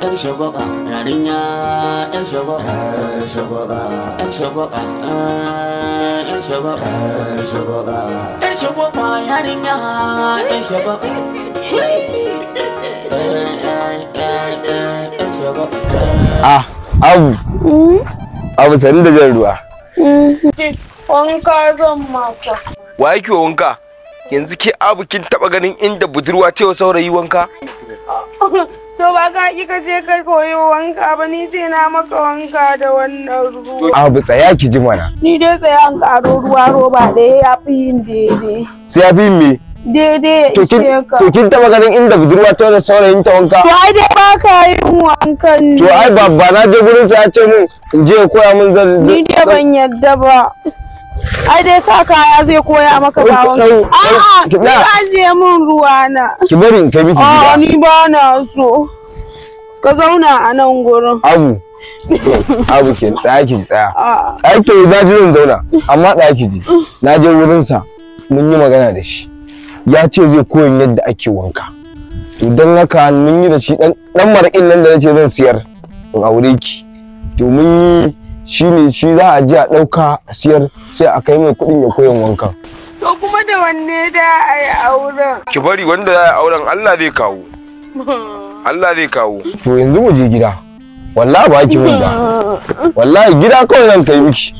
'yan shagwaba yarinya 'yan shagwaba 'yan shagwaba 'yan shagwaba eh, 'yan shagwaba 'yan shagwaba 'yan shagwaba ah abu abu sani da jan ruwa wanka zan wa yake wanka yanzu ke abu kin taba ganin inda budurwa ta saurayi wanka To ba ka ki ka je ka koyi wanka ba ni ce na maka wanka da wannan ruwa. Abu tsaya ki ji mana. Ni dai tsaya an karo ruwa roba ɗaya ya fi yin daidai. Sai ya fi yin me? Daidai ya ishe ka. To taɓa ganin inda budurwa ta da saurayin ta wanka? To ai dai ba ka yin wankan ne. To ai babba na je gurin sa ya ce min in je koya mun zan. Ni dai ban yadda ba. ai dai sa kaya zai koya maka ba wani a'a ki ajiye min ruwa na ki bari in kai miki gida ni ba na so ka zauna a nan gurin abu abu ke tsaya ki tsaya tsaya to ba ji zan zauna amma tsaya ki ji na je wurin sa mun yi magana da shi ya ce zai koyin yadda ake wanka to dan haka mun yi da shi dan maraƙin nan da nace zan siyar in aure ki to mun yi shine shi za a ji a ɗauka a siyar sai a kai mai kuɗin ya koyan wanka. To kuma da wanne da a yi auren? Ki bari wanda za a yi auren Allah zai kawo. Allah zai kawo. To yanzu mu je gida. Wallahi ba ki wanda. Wallahi gida kawai zan kai miki.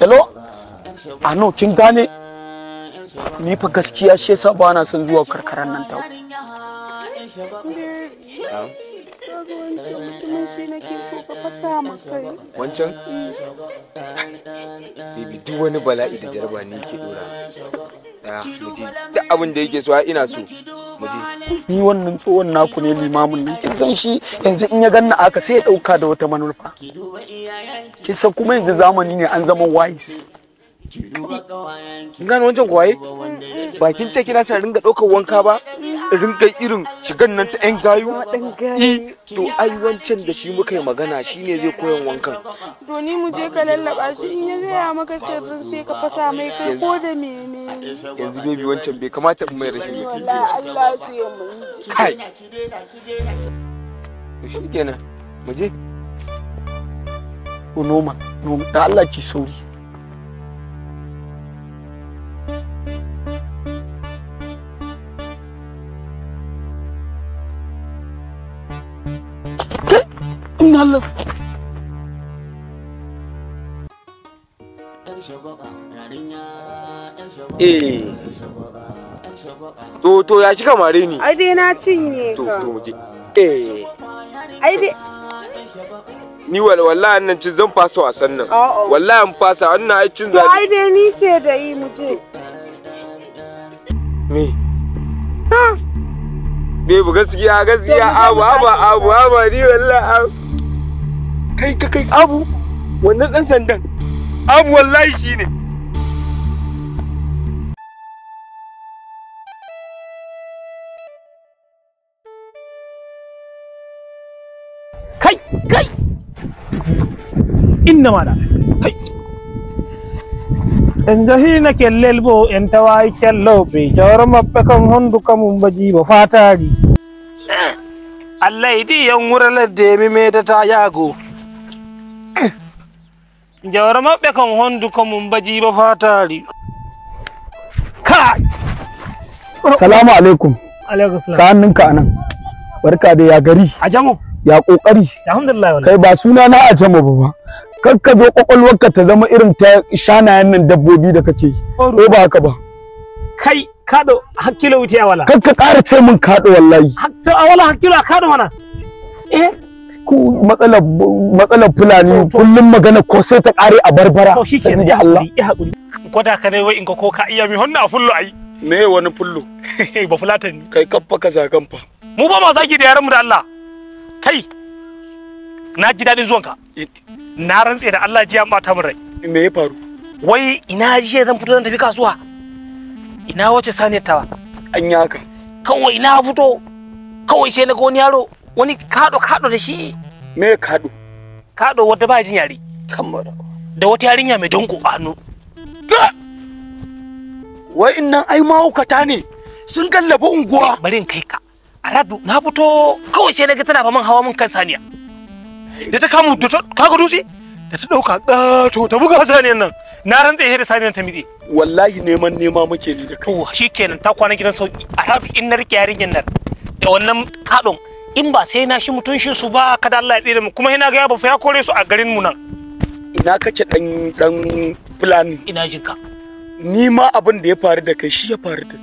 hello a no kin gane ni fa gaskiya shi yasa ba na son zuwa karkaran nan ta wancan bibi duk wani bala'i da jarba ne ke dora tsaya duk abin da yake so ina so ni wannan tsohon naku ne limamin nan kin san shi yanzu in ya ganna aka sai ya dauka da wata manufa kin san kuma yanzu zamani ne an zama wise kin gane wancan kuwaye. ba kin ce kina sa ringa daukar wanka ba rinka irin shigan nan ta 'yan gayu i e, to ai wancan da shi muka yi magana shine zai koyan wankan doni mu je ka lallaba shi in ya gaya maka sirrin sai ka fasa mai kai ko da mene yanzu bebi wancan bai kamata in mai rashin yake Allah ya mu kai shi kenan mu je ko noma noma da Allah ki sauri mallam eh to to ya kika mare ni ai dai na cinye ka to to eh ai dai ni wallahi nan cin zan fasa wasan nan oh, oh. wallahi an fasa wannan ai cin zabi ai dai ni ce da yi mu je me ha Bebu gaskiya gaskiya abu abu abu abu ni wallahi kai ka kai abu wannan dan sandan abu wallahi shine kai kai inna mala kai en na kellel bo en tawayi kelloɓe jawra maɓɓe kan hondu kamum ba fatari eh. allah idi yan wuralar da ya mi ta yago jawara maɓɓe kan hondu mum baji ba salamu alaikum alaikum salam ninka anan barka da ya gari a jamo ya kokari alhamdulillah kai ba suna na a jamo ba ba kar ka zo ka ta zama irin ta shanayen nan dabbobi da kake yi ko ba haka ba kai kado hakkilo wuce a wala kar ka ƙara ce min kado wallahi to a wala hakkilo a kado mana eh ku matsalar matsalar fulani kullum magana ko sai ta kare a barbara sai ni Allah da ka dai wai in ka ko ka iya mi honna a fullo ai me wani fullo ba fulatan kai kaffa ka zagan fa mu ba ma zaki da yaran mu da Allah kai na ji dadin zuwanka na rantse da Allah ji an bata min rai me ya faru wai ina jiya zan fito zan tafi kasuwa ina wace saniyar tawa an yi haka kawai na fito kawai sai na ga wani yaro wani kaɗo kaɗo da shi me kaɗo kaɗo wata ba jin yare kammara da wata yarinya mai danko a hannu nan ai mahaukata ne sun gallafa unguwa eh, bari in kai ka aradu na fito kawai sai na ga tana faman hawa mun kan saniya da ta kamu da ta kaga dutse da ta dauka gato ta buga saniyan nan na rantse sai da saniyan ta mitse wallahi neman nema muke ni da kai to shikenan ta kwana gidan sauki aradu in na rike yarinyar nan da wannan kadon in ba sai na shi mutuncin su ba kada Allah ya tsire mu kuma ina ga ya ya kore su a garin mu nan ina kace dan dan fulani ina jinka ni ma abin da ya faru da kai shi ya faru da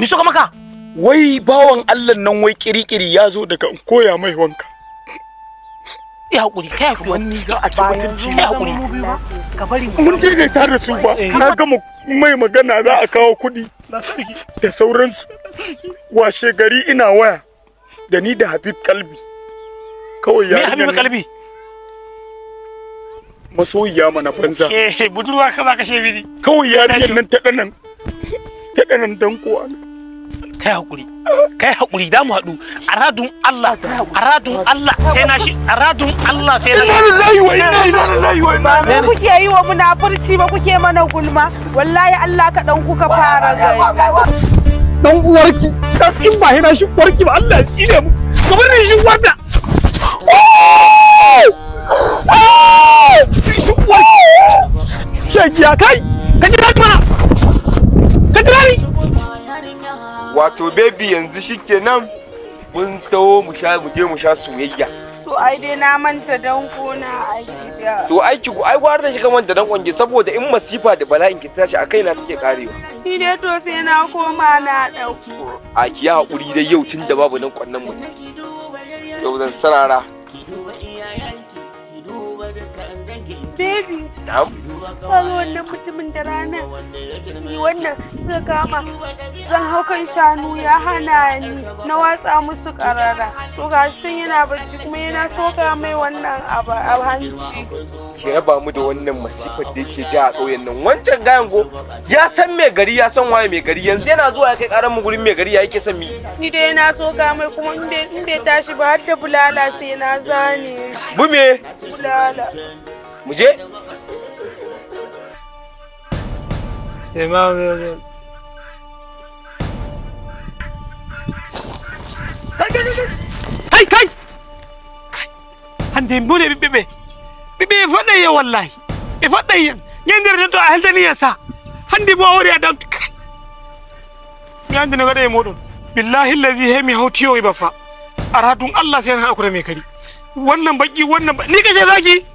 me suka maka wai bawan Allah nan wai kirikiri ya zo daga in koya mai wanka ya hakuri kai ya wani za a ci mutunci ya hakuri mun ta da su ba eh. na gama mai magana za a kawo kuɗi da sauransu washe gari ina waya da ni da habib kalbi kawai ya habib kalbi masoyiya mana banza eh budurwa ka zaka she ni kawai yariyar nan ta danan ta danan dan kuwa kai hakuri kai hakuri da mu hadu aradun Allah aradun Allah sai na shi aradun Allah sai na shi lillahi wa inna ilaihi wa inna ilaihi kuke yi wa munafurci ba kuke mana gulma wallahi Allah ka dan kuka fara gari dan uwarki in ba yana shi uwarki ba Allah ya tsire mu kamar da shi uwarta shi uwarki shagiya kai ka jira ni mana ka jira ni wato baby yanzu shikenan mun tawo mu sha mu je mu sha soyayya to ai dai na manta dan kona ai to aiki ai gwar da shi kaman da dan kwange saboda in masifa da bala'in ki tashi a kaina take karewa ni dai to sai na koma na dauko a ki ya hakuri dai yau tun da babu nan kwannan mu yau zan sarara kaga wannan mutumin da ranar ni wannan suka kama zan hau kan shanu ya hana ni na watsa musu karara to ga sun yana bacci kuma yana soka mai wannan abu a hanci ki raba mu da wannan masifar da yake ja a ƙauyen nan wancan gayan go ya san mai gari ya san waye mai gari yanzu yana zuwa ya kai karan mu gurin mai gari ya yake son mi ni dai yana soka mai kuma in bai tashi ba har da bulala sai na zane shi bume bulala mu je Nie mamy... Nie... Kai kai! Hande mu ne bibibe. Bibibe faɗa ya wallahi. Be faɗa yin. Yangar to a haldani ya sa. Hande mu awari adam. Mi hande na gada modon. Billahi allazi he mi hauti yo ba fa. Aradun Allah sai na akura mai kari. Wannan baki wannan ni kace zaki.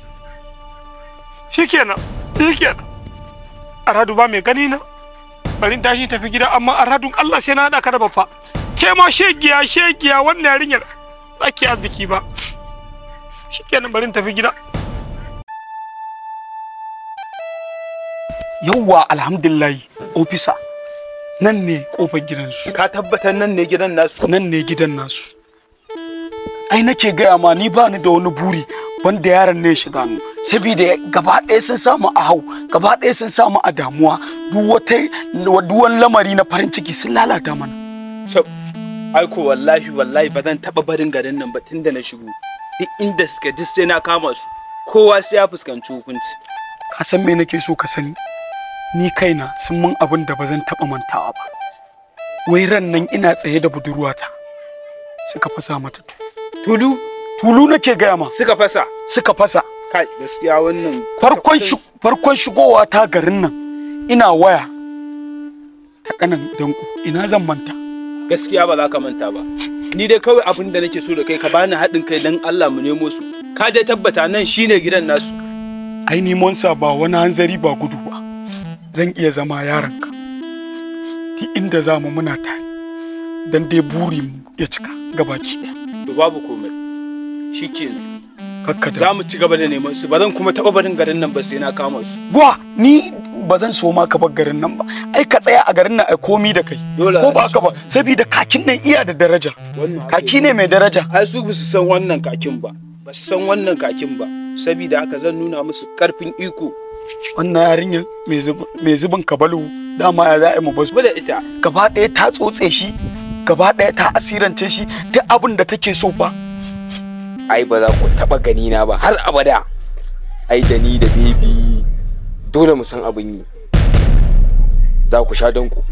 Shikenan. Shikenan. aradu ba mai gani na barin tashi tafi gida amma aradun Allah sai na haɗa ka da babba ke ma shegiya shegiya wannan yarinyar zaki arziki ba shikenan barin tafi gida yawwa alhamdulillah ofisa nan ne kofar gidansu ka tabbatar nan ne gidan nasu nan ne gidan nasu ai nake gaya ma ni ba ni da wani buri wanda yaron ne shiga nu saboda gaba ɗaya sun samu a hau gaba ɗaya sun samu a damuwa duk duwan lamari na farin ciki sun lalata mana so aiko wallahi wallahi ba zan taba barin garin nan ba tun da na shigo duk inda suka duk sai na kama su kowa sai ya fuskanci hukunci ka san me nake so ka sani ni kaina sun mun abin da ba zan taba mantawa ba wai ran nan ina tsaye da budurwata suka fasa mata tulu tulu nake gaya ma suka fasa suka fasa kai gaskiya wannan farkon farkon shigowa ta garin nan ina waya ta kanan danko ina zan manta gaskiya ba za ka manta ba ni dai kawai abin da nake so da kai ka bani haɗin kai dan Allah mu nemo su ka dai tabbata nan shine gidan nasu ai ni sa ba wani hanzari ba gudu ba zan iya zama yaranka ti inda zamu muna tare dan dai buri ya cika gabaki ɗaya babu komai shikenan za mu ci gaba da neman su ba zan kuma taɓa barin garin nan ba sai na kama su wa ni ba zan so ma ka bar garin nan ba ai ka tsaya a garin nan ai komi da kai ko ba ka ba saboda kakin nan iya da daraja kaki ne mai daraja ai su bisu san wannan kakin ba ba su san wannan kakin ba saboda haka zan nuna musu karfin iko wannan yarinya mai zubin kabalu dama ya za a yi mu basu da ita gaba ɗaya ta tsotse shi gaba ɗaya ta asirance shi duk abin da take so ba ai ba za ku taɓa gani na ba har abada ai da ni da bebi dole mu san abin yi za ku sha danko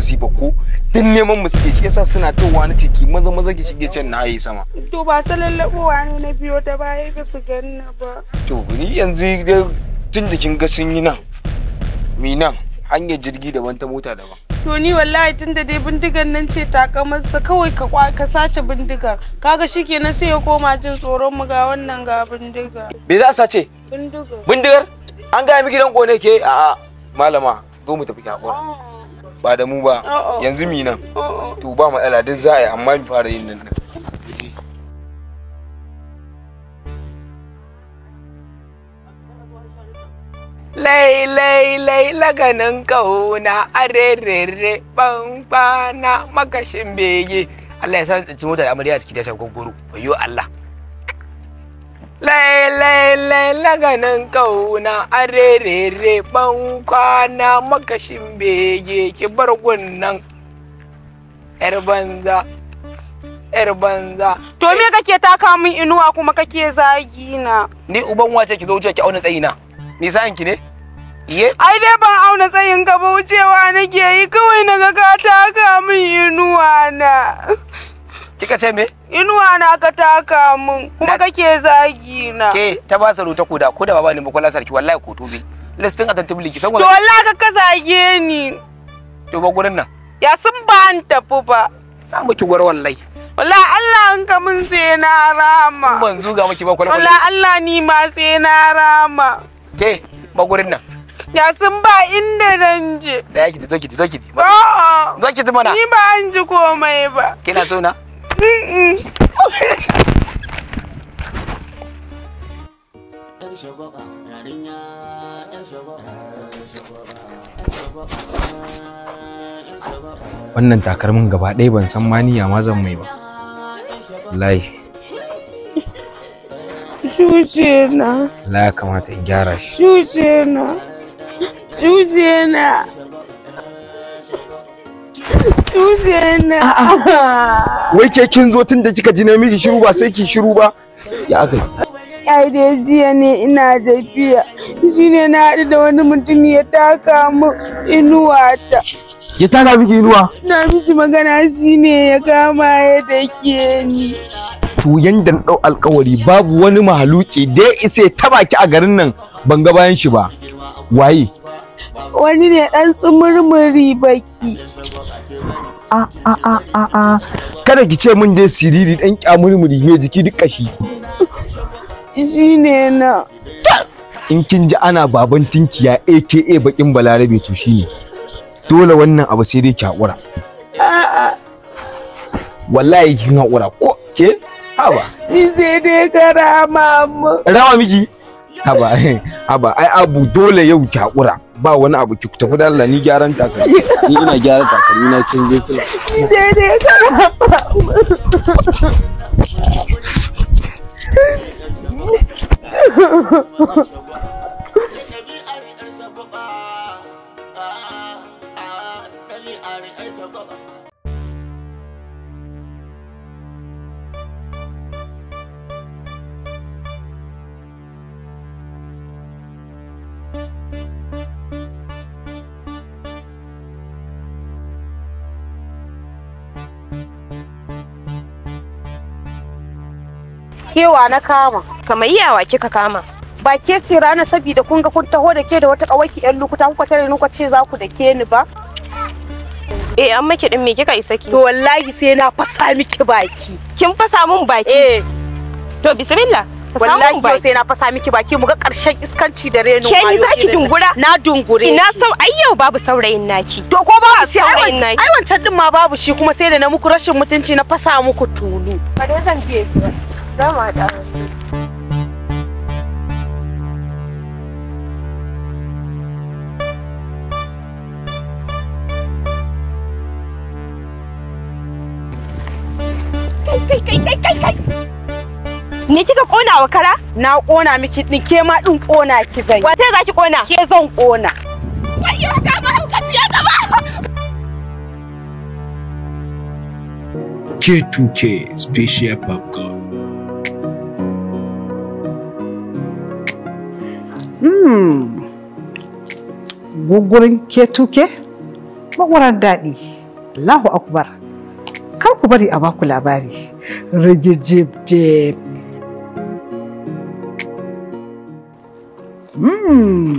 masifa ko duk neman mu suke shi yasa suna ta wani ciki maza maza ki shige can na haye sama to ba su lallabowa ne na biyo da baya ka su ganna ba to ni yanzu tun da kin ga sun yi nan mi nan hanyar jirgi daban ta mota daban to ni wallahi tun da dai bindigar nan ce sa kawai ka ka sace bindigar kaga shikenan sai ya koma jin tsoron mu ga wannan ga bindigar me za a sace bindigar bindigar an gaya miki dan kone ke a'a malama zo mu tafi ki hakura ah. ba da mu ba oh, oh. yanzu mi nan oh, to ba matsala duk za a yi amma mi fara yin nan lai lai lai laganin kauna arerere bangbana makashin bege Allah ya san tsinci mota da amarya a cikin tashar gwaggwaro wayo Allah lailai laganin kauna arerere ban kwana makashin bege ki bar gunnan yar banza yar banza to me kake taka min inuwa kuma kake zagi na ni uban wace ki zo wuce ki auna tsayina na ni sa'an ki ne iye ai dai ban auna tsayin ka ba wucewa nake yi kawai naga ka taka min inuwa na kika ce me inuwa na ka taka min kuma kake zagi na ke ta ba saro ta koda ko da baba ne ba kula sarki wallahi ko tobe listin a tantabi liki san to wallahi ka ka zage ni to ba gurin nan ya sun ba an tafi ba na miki gwar wallahi wallahi Allah an ka mun sai na rama ban zuga miki ba kula wallahi Allah ni ma sai na rama ke ba gurin nan ya sun ba inda nan je da yake zo ki zo ki zo ki zo ki mana ni ba an ji komai ba kina so na Wannan shagwaba, yarinya, Wannan takarmin gaba ɗaya ban san maniya ma zan mai ba. lai Shuce na. lai ya kamata in gyara shi. Shuce na. Shuce na. Shuce na. wai ke kin zo tun da kika ji na miki shiru ba sai ki shiru ba ya aka ai da jiya ne ina tafiya shine na haɗu da wani mutum ya taka mu inuwata ya taka miki inuwa na mishi magana shine ya kama ya dake ni to yanda na ɗau alkawari babu wani mahaluki da ya isa ya taba ki a garin nan ban ga bayan shi ba waye wani ne ɗan tsumurmuri baki a kada ki ce min dai siriri dan kyamurmuri mai jiki duk kashi ne na in kin ji ana baban tinkiya aka bakin balarabe to shi ne, dole wannan abu sai dai ki haƙura wallahi kin haƙura ko ke haba ni sai dai ka rama mu rama miki haba haba ai abu dole yau ki ba wani abu ki tafi da Allah ni gyaran takalmi ni ina gyara takalmi na kin je kula ni dai dai kana ba kewa na kama kamar iyawa kika kama ba ke ce rana saboda kun ga kun taho da ke da wata kawaki yan lukuta kuka tare ni ce za ku da ke ni ba eh an maki din me kika isa ki to wallahi sai na fasa miki baki kin fasa mun baki eh to bismillah wallahi yau sai na fasa miki baki mu ga karshen iskanci da reno ke ni zaki dungura na dungure ina sau ai yau babu saurayin naki to ko babu saurayin naki ai wancan din ma babu shi kuma sai da na muku rashin mutunci na fasa muku tulu ba dai zan biye ki za mu haɗa Ni kika kona wa kara? Na kona miki din ke ma din kona ki zan. Wace za ki kona? Ke zan kona. Ayyo ga ma hauka tiya ta ba. K2K Special Popcorn. Hmm. gugurin ketuke mawaran daɗi Allahu akbar kar ku bari a baku labari rigijibjib hmm.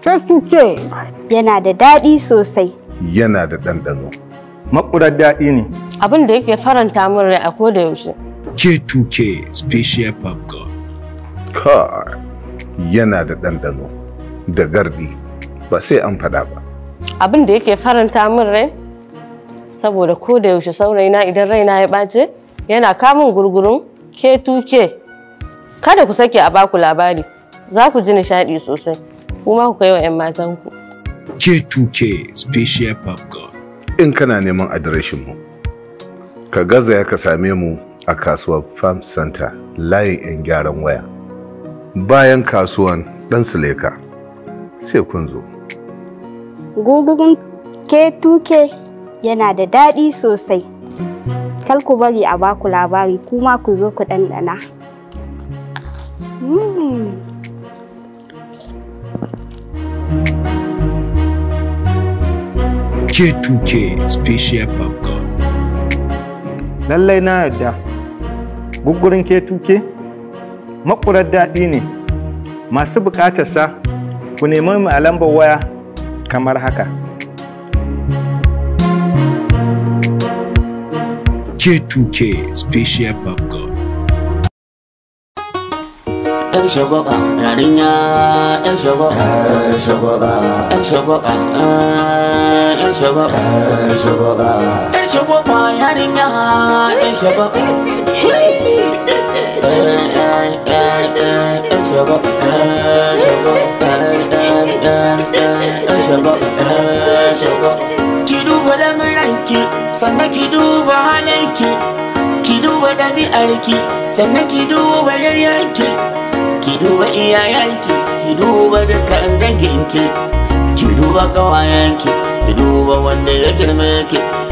ketuke yana da daɗi sosai yana da ɗanɗano makurar daɗi ne abin da yake faranta min rai a koda yaushe ketuke special popcorn car yana da ɗanɗano da gardi ba sai an faɗa ba abin da yake faranta min rai saboda ko da yaushe saurayina idan raina ya ɓace yana kamun gurgurun ke tuke kada ku sake a baku labari za ku ji nishaɗi sosai kuma ku kai wa 'yan matanku ke tuke special pub in kana neman adireshin mu ka gaza ya ka same mu a kasuwar farm center layin 'yan gyaran waya bayan kasuwan ɗan suleka sai kun zo gugugun tuke yana da daɗi sosai kar ku bari a baku labari kuma ku zo ku ɗanɗana mm. K2K Special Popcorn. Lallai na yadda gugurin K2K? makurar daɗi ne masu buƙatarsa ku nemi mu a lambar waya kamar haka K2K Special Popcorn ‘Yan shagwaba, yarinya, ‘yan shagwaba, ‘yan shagwaba, ‘yan shagwaba, eh, ‘yan shagwaba, ‘yan shagwaba, ‘yan shagwaba, yarinya, ‘yan shagwaba. Ki duba lamuranki sannan ki duba halanki ki duba ɗabi'arki sannan ki duba yayyanki ki duba iyayenki ki duba dukkan danginki ki duba ƙawayenki ki duba wanda ya girme ki